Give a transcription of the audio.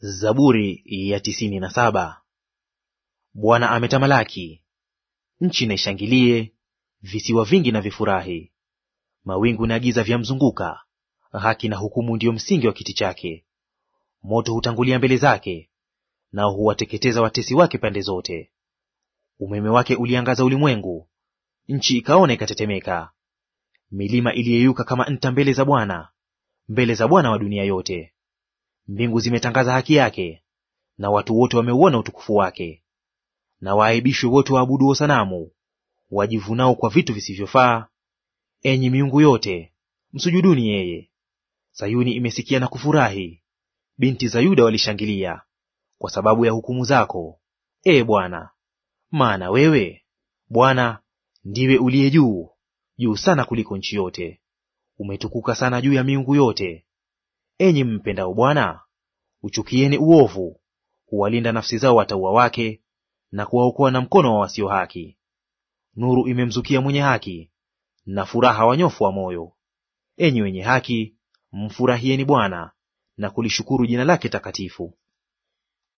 Zaburi ya tisini na saba. Bwana ametamalaki, nchi naishangilie, visiwa vingi na vifurahi. Mawingu na giza vyamzunguka, haki na hukumu ndiyo msingi wa kiti chake. Moto hutangulia mbele zake, nao huwateketeza watesi wake pande zote. Umeme wake uliangaza ulimwengu, nchi ikaona ikatetemeka. Milima iliyeyuka kama nta mbele za Bwana, mbele za Bwana wa dunia yote. Mbingu zimetangaza haki yake, na watu wote wameuona utukufu wake. Na waaibishwe wote waabuduo sanamu, wajivunao kwa vitu visivyofaa. Enyi miungu yote, msujuduni yeye. Sayuni imesikia na kufurahi, binti za Yuda walishangilia kwa sababu ya hukumu zako, e Bwana. Maana wewe Bwana ndiwe uliye juu juu sana kuliko nchi yote, umetukuka sana juu ya miungu yote. Enyi mpendao Bwana, uchukieni uovu, huwalinda nafsi zao watauwa wake, na kuwaokoa na mkono wa wasio haki. Nuru imemzukia mwenye haki, na furaha wanyofu wa moyo. Enyi wenye haki, mfurahieni Bwana na kulishukuru jina lake takatifu.